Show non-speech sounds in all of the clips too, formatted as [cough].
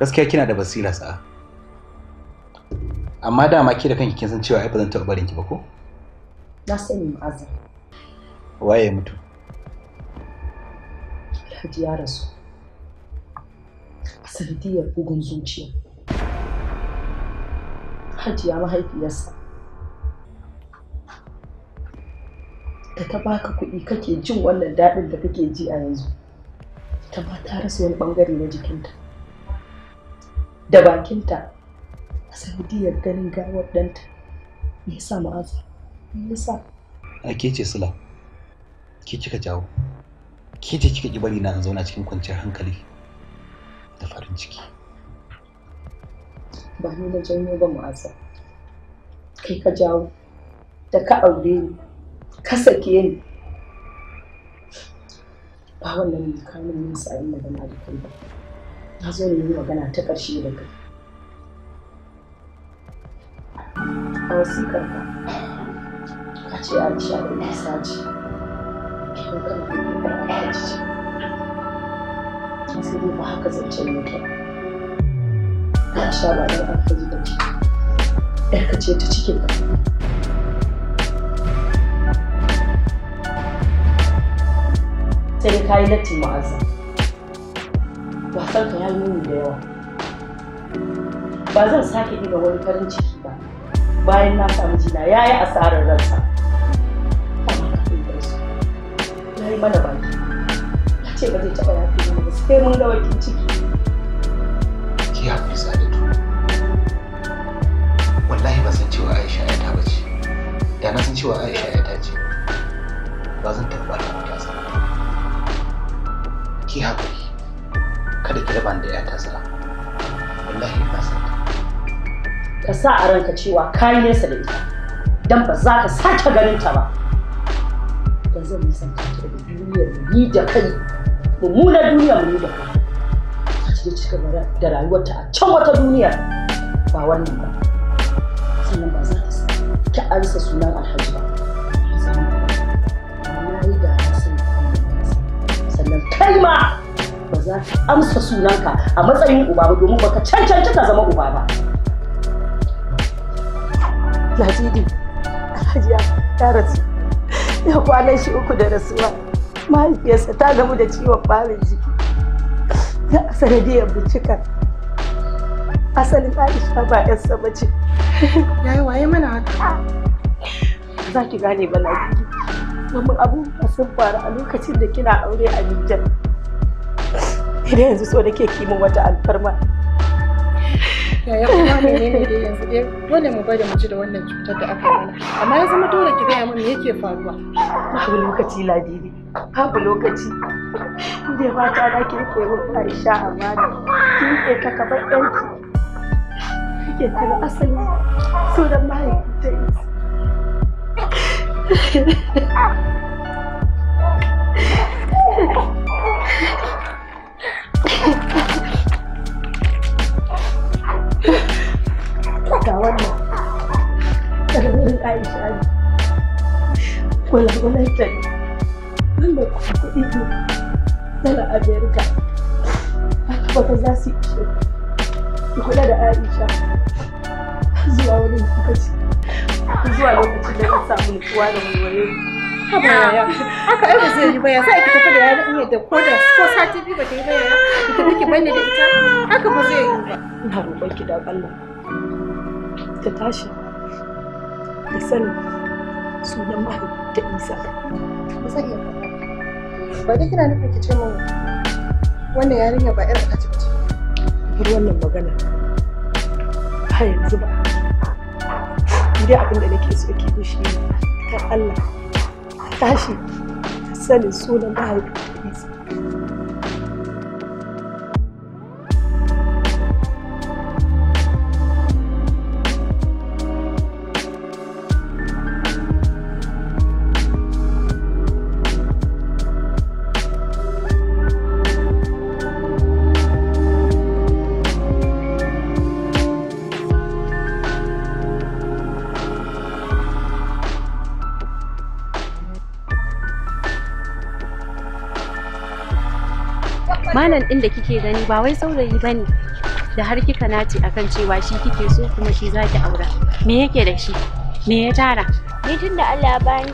gaskiya kina da basira sa amma dama ke da kanki kin san cewa ai ba zan taɓa barin ki ba ko na sani mu'azzam waye mutu Alhaji ya rasu a sanadiyar bugun zuciya hajiya mahaifiyarsa da ta baka kuɗi kake jin wannan daɗin da kake ji a yanzu ta ba ta rasa wani ɓangare na jikinta da bakinta a sanadiyar ganin gawar ɗanta sa mu ma'aza me sa. a ke ce sula ki kika jawo ki ce kika ki bari na zauna cikin kwanciyar hankali da farin ciki ba ni na janyo ba ma'aza kai ka jawo da ka aure ni ka sake ni ba wannan ne kamun nisa yin na da kai ba ta zo ne yi magana ta ƙarshe da kai a wasu ka a ce a sha da nisa ce don kan da kuma ba ce sai dai ba haka zancen yake ba sha ba da ji da ce ɗar ka ce ta cike ka sai ka yi lattin ma'azin. wasan ka ya nuni da yawa ba zan sake diga wani farin ciki ba bayan na samu jina ya yi asarar ransa ya yi mana baki ya ce ba zai taɓa yafi mana ba sai mun ga wakin ciki ki haƙuri sadatu wallahi ba san cewa aisha ya ta bace da na san cewa aisha ya raban da yata sara wallahi ba sa ka sa a ranka cewa kayi nesa da ita dan ba za ka sake ganin ta ba da zan nisanta ta da duniyar ni da kai mummunar duniyar mu da kai ta je cika da rayuwarta a can wata duniya ba wannan ba sannan ba za ta sa ta ansa sunan alhaji ba amsa sunanka a matsayin uba ba domin baka cancanci ka zama uba ba Lajidi, Hajiya ta rasu ya kwanan shi uku da rasuwa mahaifiyarsa ta gamu da ciwon ɓarin jiki da sanadiyar bincika asalin Aisha ba 'yan ba ce yayi waye mana haka za ki gane ba Mamman domin abubuwa sun faru a lokacin da kina aure a Nijar. idan yanzu so nake kimin wata alfarma yaya yanzu dole mu bari mu ji da wannan cutar da aka mana amma ya zama dole ki gaya mun yake faruwa babu lokaci ladidi babu lokaci inda ba ta da ke ke mun Aisha amana kin ke ta kabar ɗanki kike tana asali so da mahaifinta Ha ha ha. ga wannan ƙarfin aisha ne ne wannan haka za su kula da aisha zuwa wani lokaci zuwa da na samu nutsuwa da wani haba yaya haka ai ba zai yi ba ya sai ki tafi da yarinya iya da ko da ko sati biyu ba ta yi ba yaya ki tafi ki bani da ita haka ba zai yi ba ina roƙon ki da Allah ta tashi da sani sunan mahi da isa ba zai iya ba da kina nufin ki ce min wannan yarinya ba irin ta ce ba bar wannan magana har yanzu ba dai abin da nake so ki shi ne ta Allah tashi sanin sunan mahaifinsa malam ɗin da kike gani ba wai saurayi ba ne da har kika nace akan cewa shi kike so kuma shi zaki aura me yake da shi me ya tara ni tun da Allah bani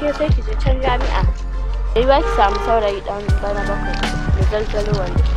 ke sai ki je can jami'a yayi ba ki samu saurayi dan bana bakwai da zalzalo wanda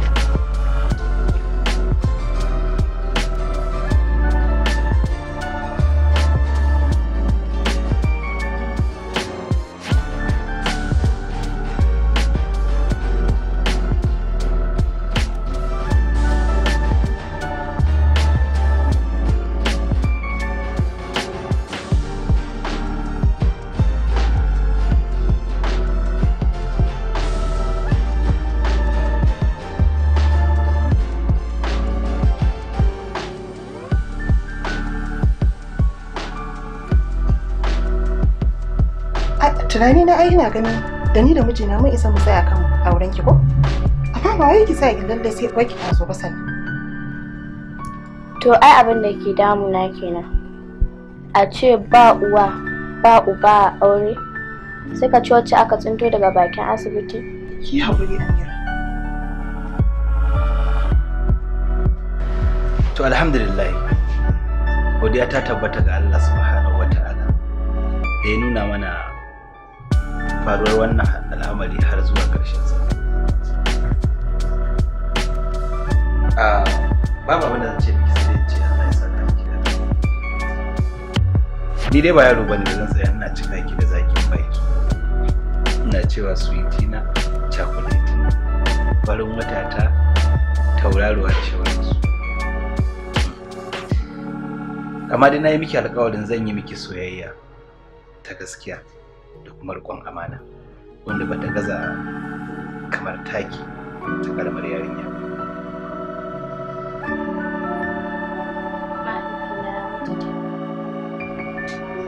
tunani na ai ina ganin da ni da mijina mun isa mu tsaya kan auren ki ko amma ba wai ki sa ki da sai wai ki taso ba sani? to ai abin da ke na kenan a ce ba uwa ba uba a aure sai ka ci wacce aka tsinto daga bakin asibiti ki haƙuri amira to alhamdulillah godiya ta tabbata ga Allah subhanahu wata'ala da ya nuna mana faruwar wannan al'amari har zuwa ƙarshen sa a ah, babu abin da zan ce miki sai ce Allah ya saka ki da ni dai ba yaro ba ni zan tsaya ina cika ki da zakin bai ina cewa sweetie na chocolate na farin matata tauraruwa da shawararsu amma dai na yi miki alƙawarin zan yi miki soyayya ta gaskiya da kuma riƙon amana wanda bata gaza kamar taki ta ƙaramar yarinya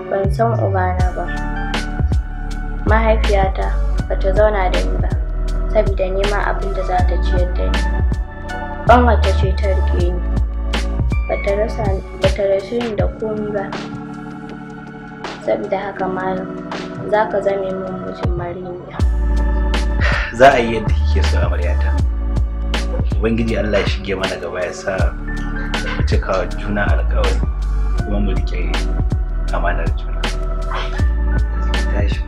ba ban san ubana ba mahaifiyata bata zauna da ni ba saboda neman abin da za ta ciyar da ni ƙanwata ce ta rike ni bata rashe ni da komi ba saboda haka malam za ka zame min mijin mariya za a yi yadda kike so amaryata ubangiji allah ya shige mana gaba ya sa mu cika juna alkawari kuma mu rike amanar juna tashi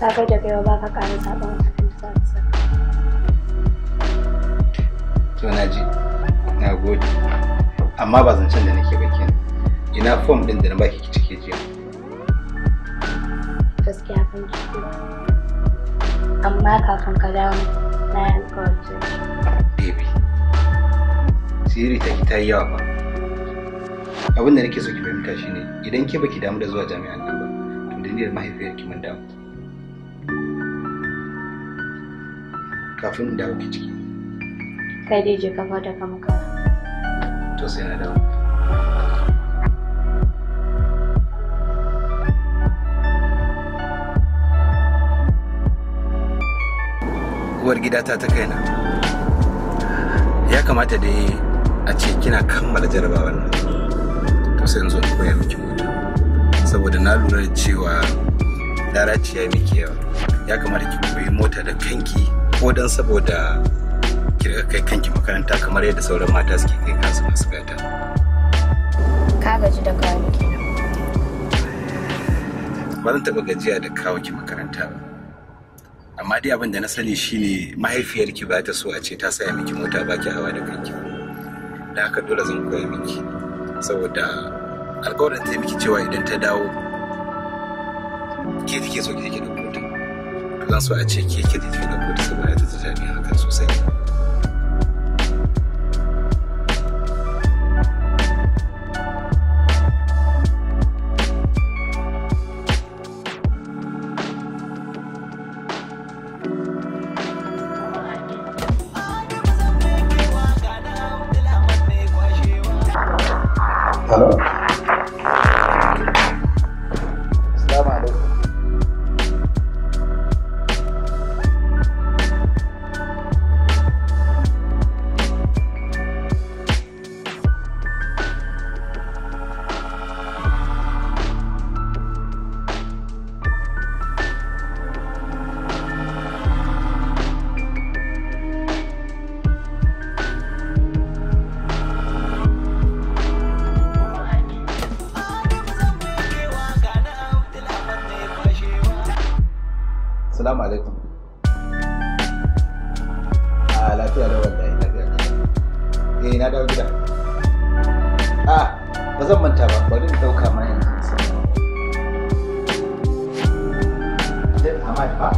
ta kai daga yau ba ka ƙara zaɓen abin da za To na ji, na gode. Amma ba zancen da nake ba kenan. Ina fom ɗin da na baki ki cike jiya. Gaskiya ban ciki ko. Amma kafin ka dawo na yi alƙawarin cewa. Baby, Siri ta ki ta yi yawa ba. abin da nake so ki fahimta shine idan ke baki damu da zuwa jami'an nan ba to dalilin mahaifiyarki mun damu kafin da dawo ciki kai dai je kafa da kamuka to sai na dawo uwar gidata ta kaina ya kamata dai a ce kina kammala jarabawar nan to sai yanzu ku koya miki mota saboda na lura da cewa daraciya miki yawa ya kamata ki koyi mota da kanki ko dan saboda kirga kai kanki makaranta kamar yadda sauran mata suke kai kansu masu gata ka gaji da kawo ki ba zan taɓa gajiya da kawo ki makaranta ba amma dai abin da na sani shine mahaifiyarki ba ta so a ce ta saya miki mota ba ki hawa da kanki da haka dole zan koya miki saboda alkawarin ta miki cewa idan ta dawo ke take so ki take da Allah su a ce ke ke da ke da kudu saboda ta ta jami'a hakan sosai assalamu alaikum a ah, lafiya da wallahi lafiya ne eh na dawo gida a ah, ba zan manta ba bari in dauka ma yanzu sai Hamad ba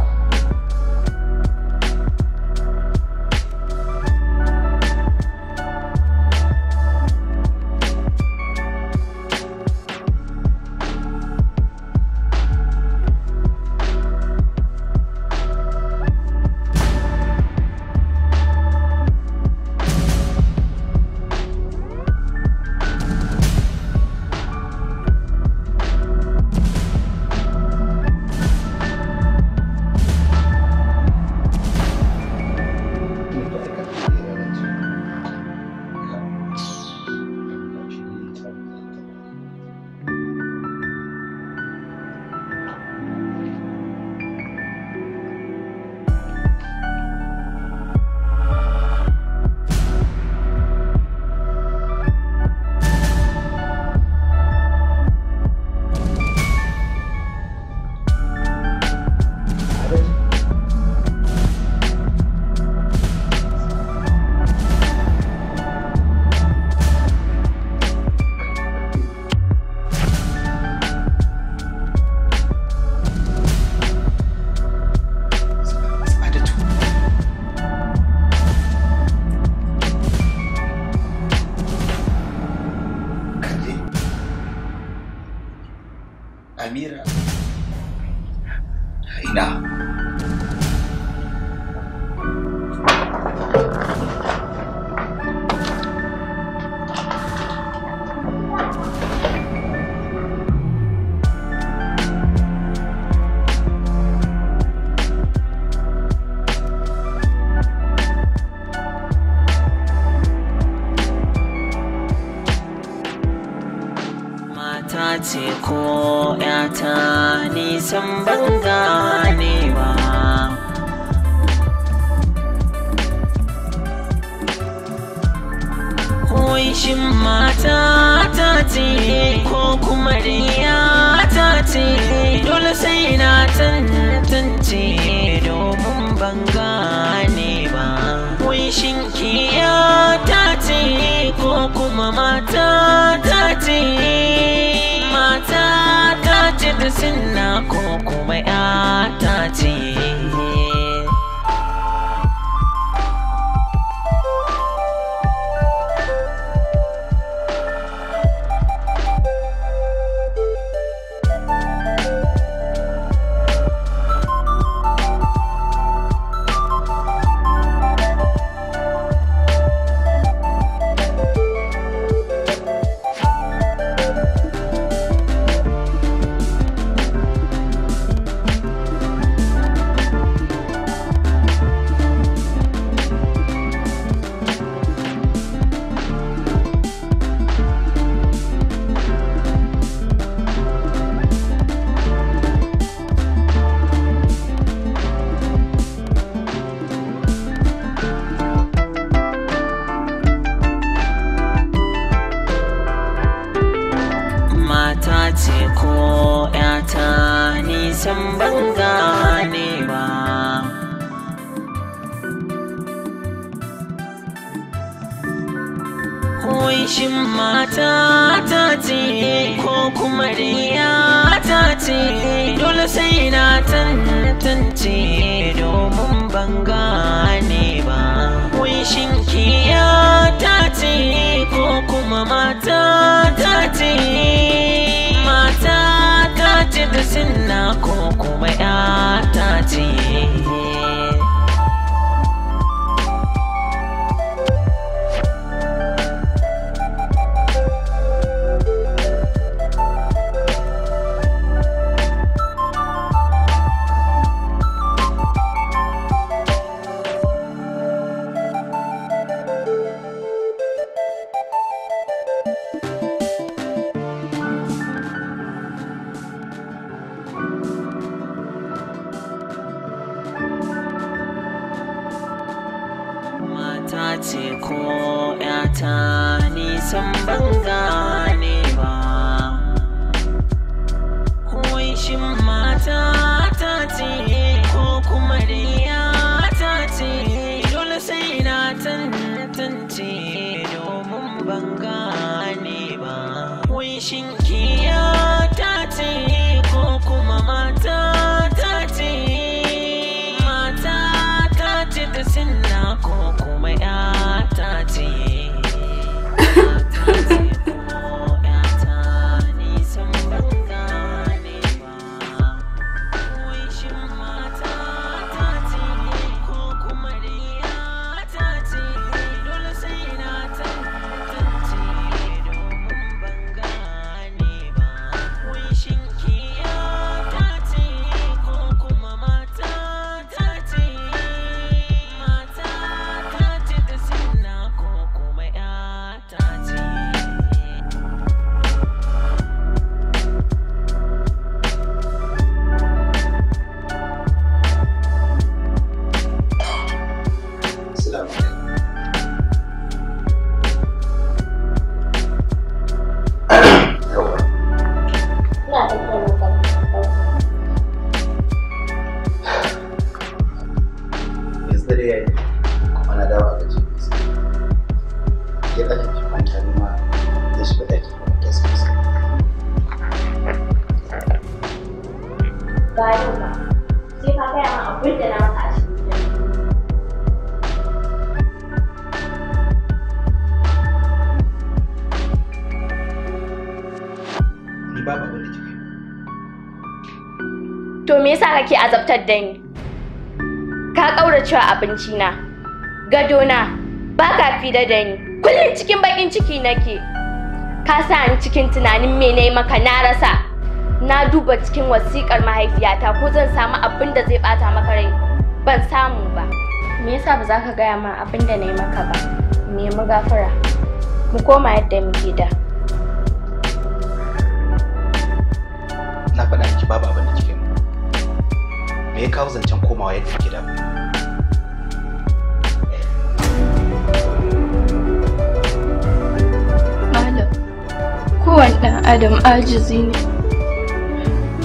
kishin mata ta ce ko kuma riya ta ce dole sai na tantance domin ban gane ba kunshin kiya ta ce ko kuma mata ta ce mata ta ce da sinna ko kuma ya ta ce mutunci domin ban gane ba kunshin kiya ta ce ko kuma mata ta ce mata ta ce da sinna ko kuma ta ko ‘yata nisan ban gane ba. kuma shin mata abinci na gado na ba ka fi da ni kullum cikin bakin ciki nake ka sa ni cikin tunanin me nayi maka na rasa na duba cikin wasikar mahaifiyata ko zan samu abin da zai bata maka rai ban samu ba me yasa ba za ka gaya ma abin da nayi maka ba me mu gafara mu koma yadda muke da na faɗa miki babu abin da kike me ya kawo zancen komawa yadda kike da ɗan adam ajizi ne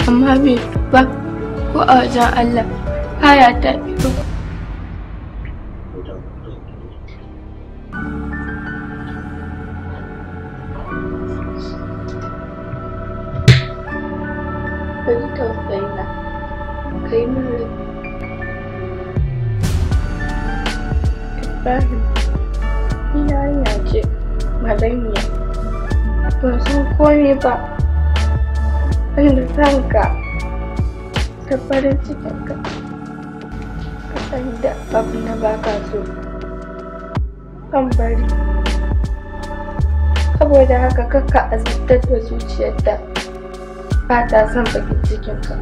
amma bai ba ko a wajen allah haya ta ba kai ba wanda san ka da farin cikinka ka san da abu na baka kan bari haka kaka azabtar da zuciyar da ba ta son bakin cikinka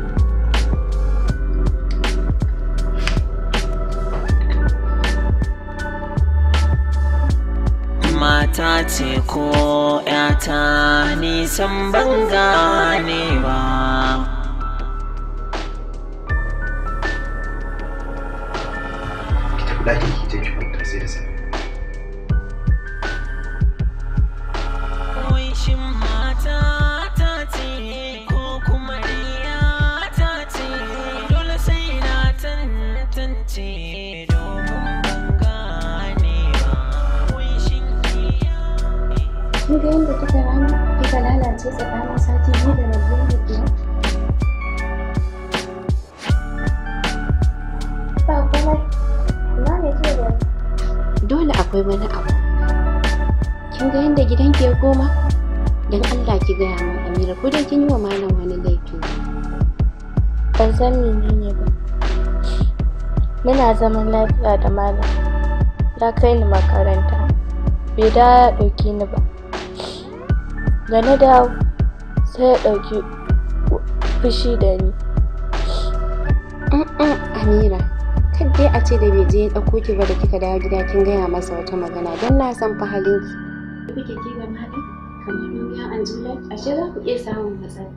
ta ce ko ‘yata nisan ban gane ba. Thank you. kasance tsakanin sati biyu da rabuwar rabuwa ba komai na ne ke dole akwai wani abu kin ga yadda gidan ke goma don allah ki gaya min amira ko dai kin yi wa malam wani laifi ban san menene ba muna zaman lafiya da malam ya kai ni makaranta bai da ya ɗauki ni ba da na dawo sai ya ɗauki fushi da ni amira kan dai a ce da bai je ya ɗauko ki ba da kika dawo gida kin gaya masa wata magana don na san fa halin ki kuke kiran haka kamar ya an ji ashe za ku iya samun matsala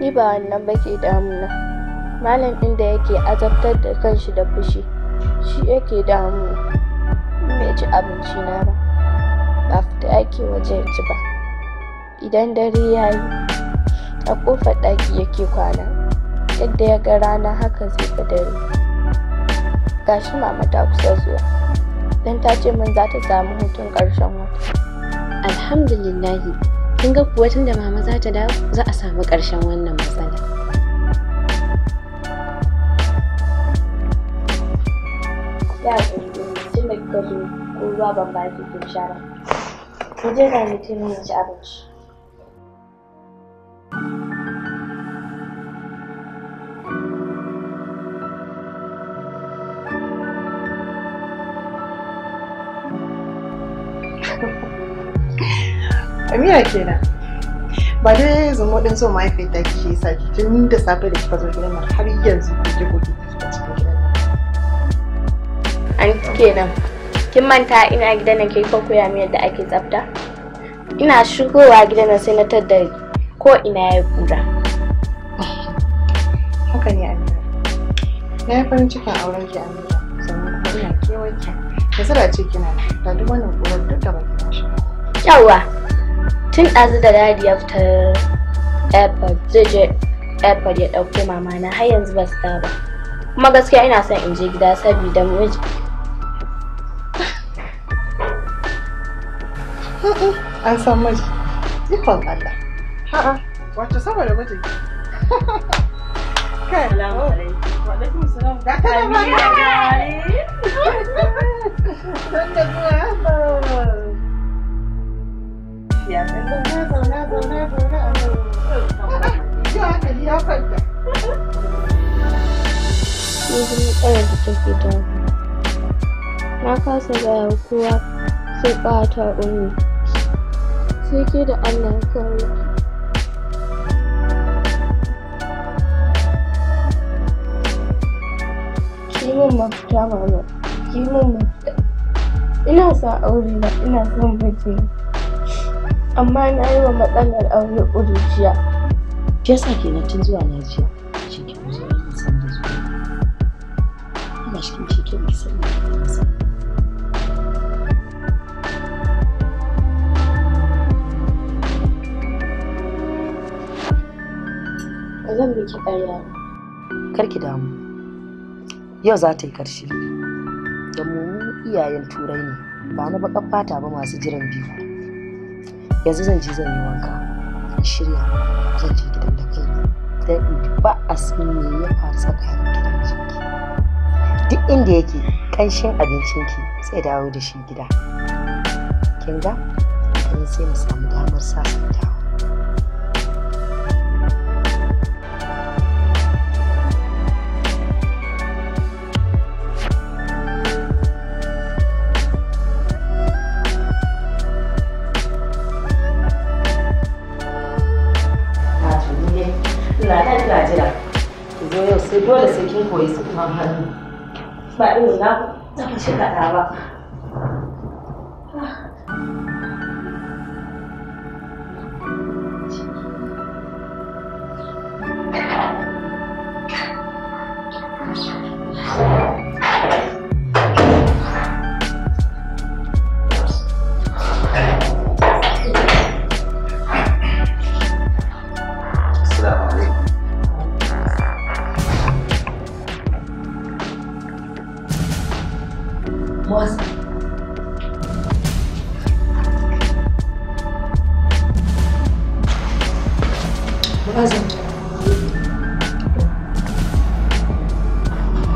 ni ba wannan ba ke damuna malam ɗin da yake azabtar da kanshi da fushi shi yake damuna ci abinci na ba ba fita ake waje ci ba idan dare ya yi a ƙofar ɗaki yake kwana yadda ya ga rana haka zai fi dare gashi mama ta kusa zuwa Dan ta ce min za ta samu hutun ƙarshen wata alhamdulillahi kin ga kuwa da mama za ta dawo za a samu ƙarshen wannan matsala Yeah. ruwa ba ake ke shara ku je ga mutum ya ci abinci Amiya kenan. Ba dai zumuɗin so mahaifiyarta ke sa tun da safe da kika zo gidan har yanzu ku je ku cikin gidan. An kenan. kin manta ina gidan nan ke koya mi yadda ake tsafta ina shigowa gidan nan sai na tadda ko ina ya kura [laughs] haka ne amina na yi farin cikin auren ki amina sannan kuma ina kewarki da zara ce kina da duk wannan kurar duk da baki shi yawa tun ɗazu da dadi ya fita airport zai je airport ya ɗauko mama na har yanzu ba su ba kuma gaskiya ina son in je gida saboda miji an san miji ikon Allah ha'a wato da miji kai salamu alaikum wa alaikum salam ga da da zuwa ya ya da Na kasa gaya kowa sai ƙawata ƙunni. sai ke da Allah ya kawo Kimin mafita mama ki min mafita ina sa aure ba ina son baki amma na yi wa matsalar aure ƙuruciya sa ke na tun zuwa Najeriya shi ke kusa da san da zuwa ina shi ke da san zan miki ƙarya kar ki damu yau za ta yi ƙarshe da mu iyayen turai ne ba na baƙar fata ba masu jiran biyu yanzu zan je zan yi wanka in shirya zan je gidan da kai dan in ba a san me ya faru tsakanin gidan mijinki duk inda yake abincin ki, sai dawo da shi gida kin ga sai mu samu damar sa jira ki zo yau sai dole sai kin koyi su hannu ba irin na ta kaɗa ba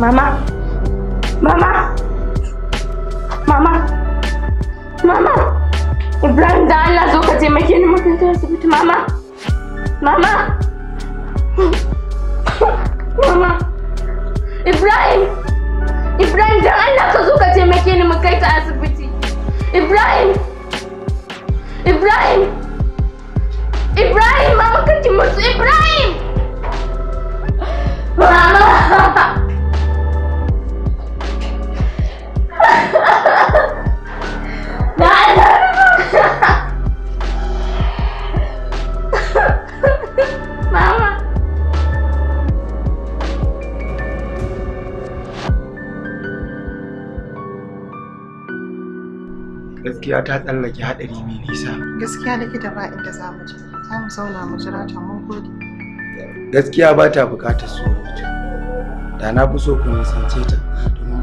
Mama! Mama! Mama! Mama! Ibrahim da Allah zo ka taimake ni mutum ta asibiti mama! Mama! Mama! Ibrahim! Ibrahim dan Allah ka zo ka taimake ni mu kai ta asibiti! Ibrahim! Ibrahim! Ibrahim! Mama kake mutu Ibrahim! Mama! [laughs] [laughs] gaskiya ta tsallake haɗari mai nisa. Gaskiya likita ba inda za mu je, za mu zauna mu jira ta mun gode. Gaskiya ba ta bukatar mutum, da na fi so ku nisance ta.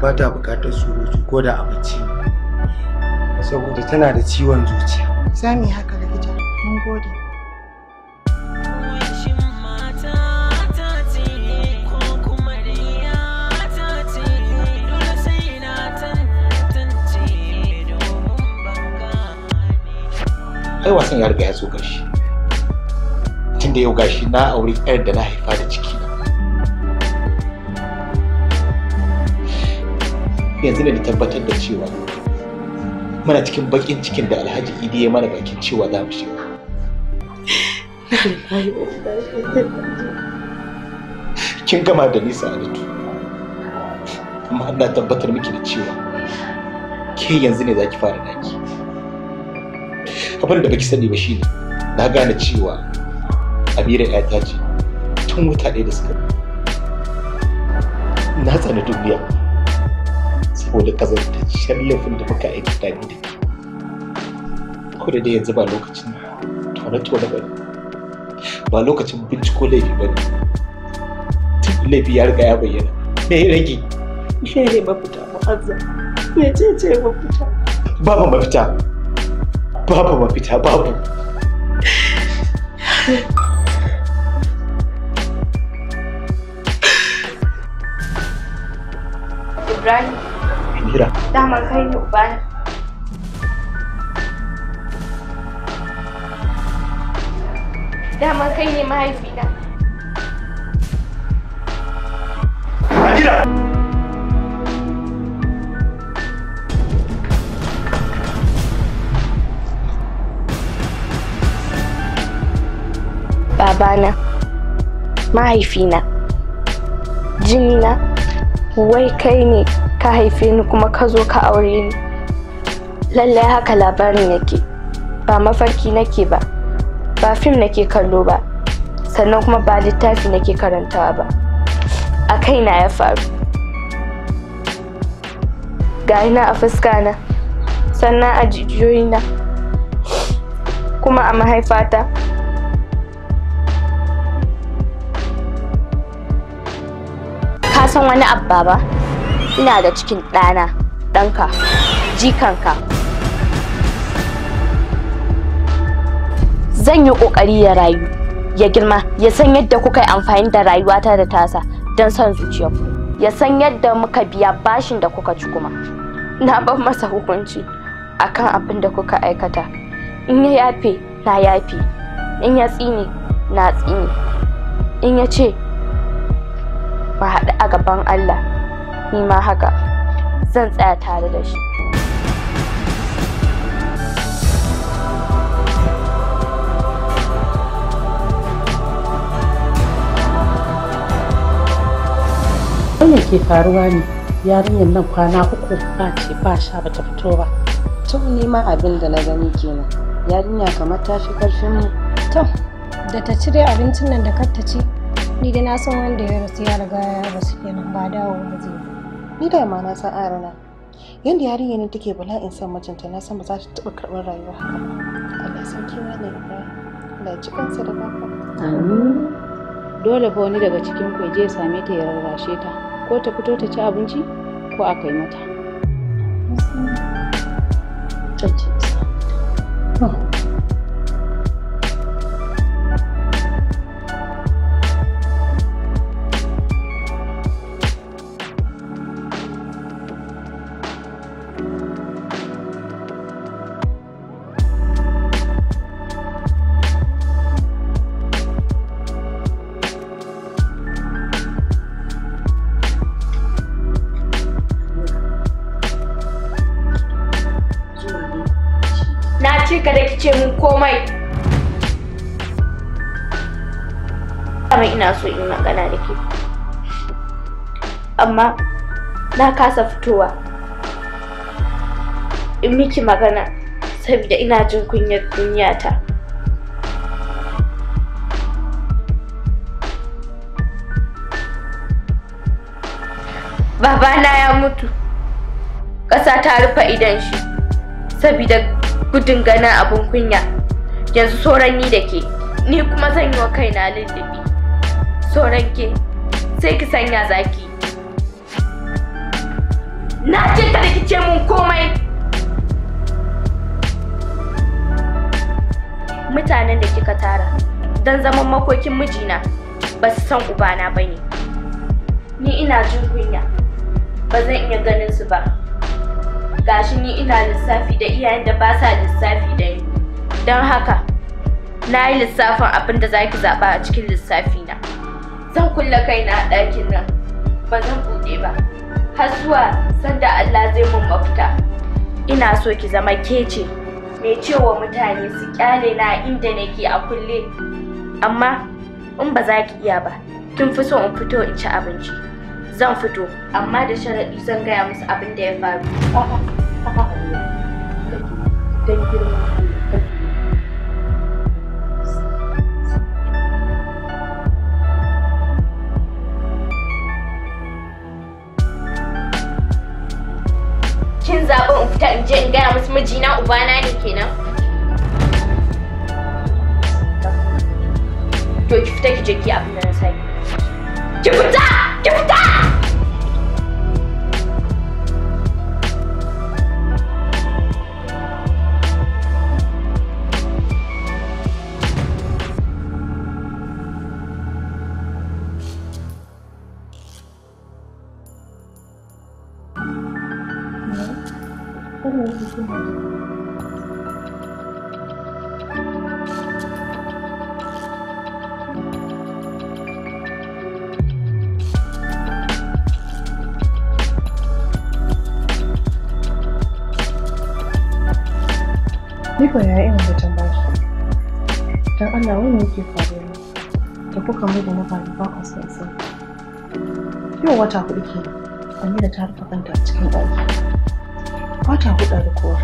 ba ta buƙatar surutu ko da abinci saboda tana da ciwon zuciya za mu yi haka likita mun gode ai wasan ya riga ya so gashi tun da yau gashi na aure 'yar da na haifa da yanzu ne da tabbatar da cewa muna cikin bakin cikin da alhaji idi ya mana bakin cewa za mu shiga kin gama da nisa alatu amma ina tabbatar miki da cewa ke yanzu ne za ki fara daki abin da baki sani ba shine na gane cewa amira ya ta ce tun wata ɗaya da suka na tsana duniya da kazanta kazantaccen laifin da muka aikata ni da ke ko da dai yanzu ba lokacin tone-tone ba ne ba lokacin binciko laifi ba ne laifi ya riga ya bayyana me ya rage me ne mafita mu'azza me ce ce mafita babu mafita babu mafita babu Ibrahim Mira. Daman kai ne kai ne mahaifina. Babana, mahaifina, jinina, wai kai ne ka haife ni kuma ka zo ka aure ni lallai haka labarin yake ba mafarki nake ba ba fim nake kallo ba sannan kuma ba littafi nake karantawa ba a kaina ya faru ga ina a fuska na sannan a jijiyoyina kuma a mahaifata ka san wani abba ba ina da cikin ɗana ɗanka jikanka zan yi ƙoƙari ya rayu ya girma ya san yadda kuka yi amfani da rayuwata da tasa don son zuciyarku ya san yadda muka biya bashin da kuka ci kuma na ban masa hukunci akan abin da kuka aikata in ya yafe na yafe in ya tsini na tsini, in ya ce ba haɗu a gaban Allah ni ma haka zan tsaya tare da shi wannan ke faruwa ne yarinyar nan kwana uku ba ce ba sha ba ta fito ba to ni ma abin da na gani kenan yarinya kamar ta fi karfin mu to da ta cire abincin nan da kar ta ci ni da na san wanda ya rasu ya riga ya rasu kenan ba dawo ba zai ni da ma na san arana yadda yarinya ne take bala'in san mijinta na san ba za ta taɓa karɓar rayuwa ba Allah san kewa ne da Allah ci kansa da baka dole fa wani daga cikin ku je ya same ta ya rarrashe ta ko ta fito ta ci abinci ko a kai mata Thank you. amma na kasa fitowa in miki magana saboda ina jin kunyar duniyata babana ya mutu ƙasa ta rufe idan shi saboda gudun ganin abin kunya yanzu sauran ni da ke ni kuma zan yi wa kaina lullubi sauran ke sai ki sanya zaki Na ce ka rikice mun komai. Mutanen da kika tara don zaman makokin mijina ba su san ubana ba ne. Ni ina jin kunya, ba zan iya ganin su ba. Gashi ni ina lissafi da iyayen da ba sa lissafi da ni. Don haka, na yi lissafin abin da za ki zaɓa a cikin lissafi na. Zan kulle kaina a ɗakin nan, ba zan buɗe ba. har zuwa sanda Allah zai mun mafita ina so ki zama kece mai cewa mutane su kyale na inda nake a kulle amma in ba za ki iya ba kin fi so in fito in ci abinci zan fito amma da sharaɗi zan gaya musu abin da ya faru don girma cikin zaɓi in fita in je in gaya musu mijina ubana ne kenan to ki fita ki je ki abin da na sai ki fita ke na faruwan asusun yau wata hudu ke amina ta rufe kanta a cikin ɗaki wata hudu da kowa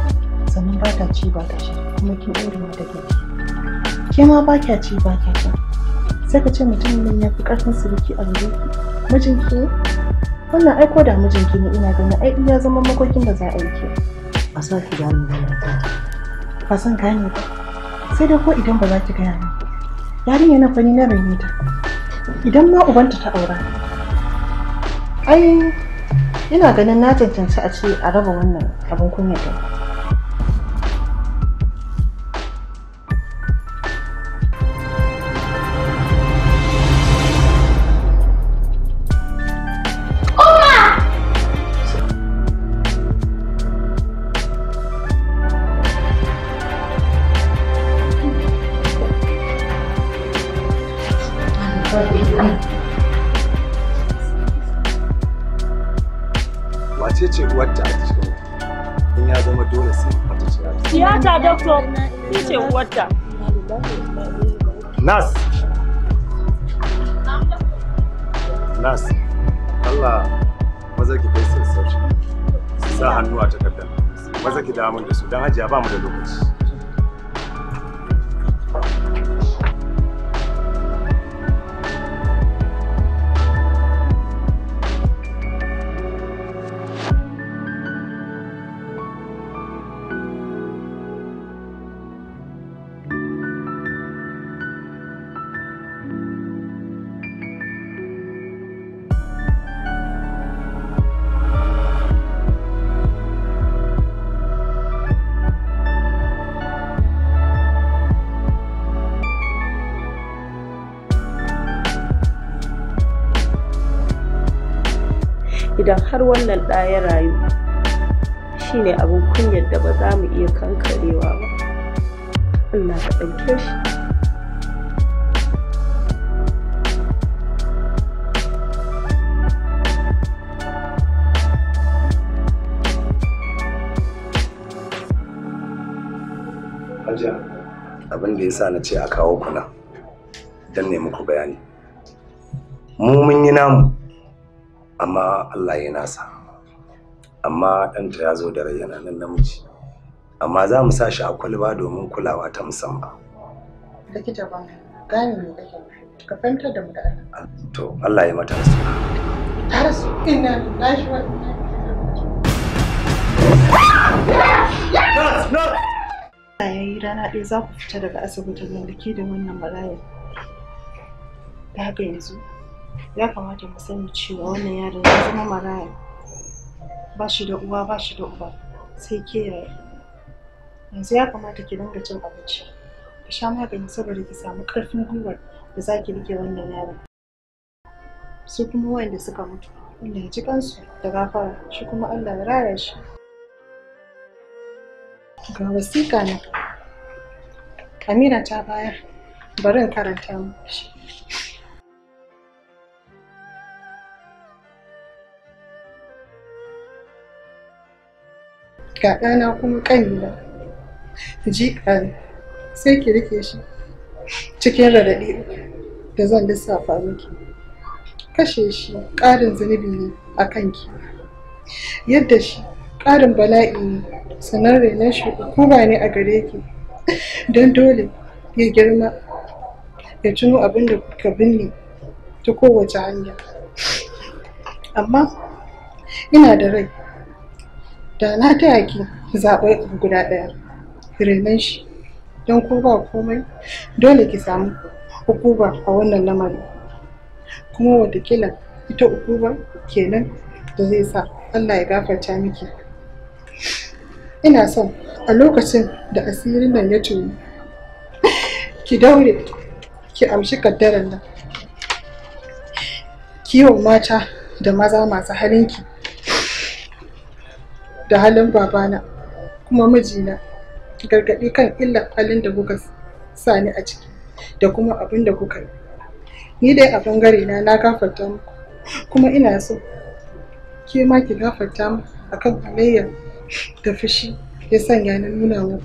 sannan ba ta ci ba ta sha kuma kin ɗaure mata gidi ke ma ba kya ci ba kya sha sai ka ce mutumin nan ya fi ƙarfin siriki a gare ki mijinki ki wannan aiko da mijinki ne ina ganin ai ya zama makokin da za a yi ke a sa ki gane da ta ba san gane ba sai dai ko idan ba za ki gaya ni yarinya na fani na rayuwa idan ma ubanta ta aura ai ina ganin na cancanci a ce a raba wannan abin kunya da idan har wannan ɗa ya rayu shine abin kunyar da ba za mu iya kankarewa ba allah ka ɗauke shi abin da ya sa na ce a kawo kuna don ne muku bayani mu mun yi namu amma Allah ya nasa amma ɗanta ya zo da rai yana nan namiji amma za mu sa shi a kwalba domin kulawa ta musamman likita ba gane me kake ka fahimtar da mu da Allah ah, to Allah ya mata rasu ta rasu inna lillahi wa inna ilaihi yi rana ɗaya za ku fita daga asibitin nan da ke da wannan marayar ta haka yanzu ya kamata mu sani cewa wannan yaron ya zama maraya ba shi da uwa ba shi da uba sai ke yaya yanzu ya kamata ki dinga cin abinci ki sha magani saboda ki samu karfin gwiwar da za ki rike wannan yaron su kuma wanda suka mutu Allah ya ji kansu da gafara shi kuma Allah ya raya shi ga wasiƙa na Amira ta bayar bari in karanta shi ga ɗana kuma ƙanina jiƙa sai ki rike shi cikin raɗaɗi da zan lissafa miki kashe shi ƙarin zunubi ne a kanki yadda shi ƙarin bala'i ne sanar renon shi hukuma ne a gare ki don dole ya girma ya tuno abin da kuka binne ta kowace hanya amma ina da rai da na taya ki zaɓi guda ɗaya renan shi don ko ba komai dole ki samu hukuma a wannan lamarin kuma watakila ita hukuma kenan da zai sa Allah ya gafarta miki ina so. a lokacin da asirin nan ya tuni ki daure ki amshi kaddaran nan kiwon mata da maza masu halinki da halin babana kuma mijina gargaɗi kan illar halin da kuka sa ni a ciki da kuma abin da kuka yi ni dai a bangare na na gafarta muku kuma ina so ke ma ki gafarta mu akan halayyar da fushi ya sanya na nuna muku